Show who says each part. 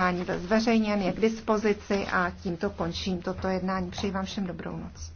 Speaker 1: jednání byl zveřejněn, je k dispozici a tímto končím toto jednání. Přeji vám všem dobrou noc.